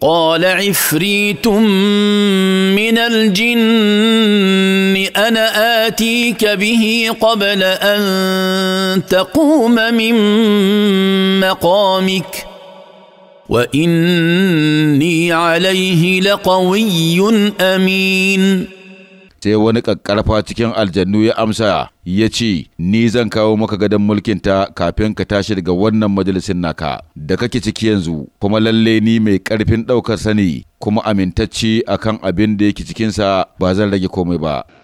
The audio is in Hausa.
قال عفريت من الجن انا اتيك به قبل ان تقوم من مقامك واني عليه لقوي امين sai wani ƙaƙƙarfa cikin aljannu ya amsa ya ce, Ni zan kawo maka gadon mulkinta kafin ka tashi daga wannan majalisin naka da kake ciki yanzu, kuma lalle ni mai ƙarfin ɗaukar sani kuma amintacce akan abin da yake cikinsa ba zan rage komai ba.